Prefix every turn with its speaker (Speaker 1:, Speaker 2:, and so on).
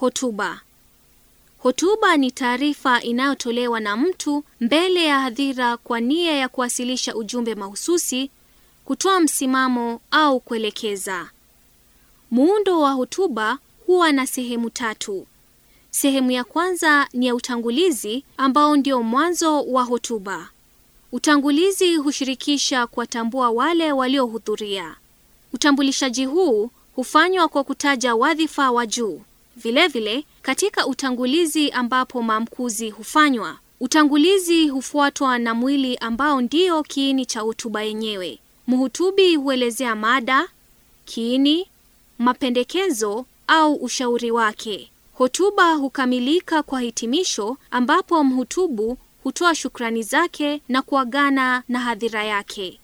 Speaker 1: Hotuba. Hotuba ni taarifa inayotolewa na mtu mbele ya hadhira kwa nia ya kuwasilisha ujumbe mahususi, kutoa msimamo au kuelekeza. Muundo wa hotuba huwa na sehemu tatu. Sehemu ya kwanza ni ya utangulizi ambao ndio mwanzo wa hotuba. Utangulizi hushirikisha kuwatambua wale waliohudhuria. Utambulishaji huu hufanywa kwa kutaja wadhifa wa juu. Vilevile vile, katika utangulizi ambapo maamkuzi hufanywa, utangulizi hufuatwa na mwili ambao ndio kiini cha hotuba yenyewe. Mhutubi huelezea mada, kiini, mapendekezo au ushauri wake. Hotuba hukamilika kwa hitimisho ambapo mhutubu hutoa shukrani zake na kuagana na hadhira yake.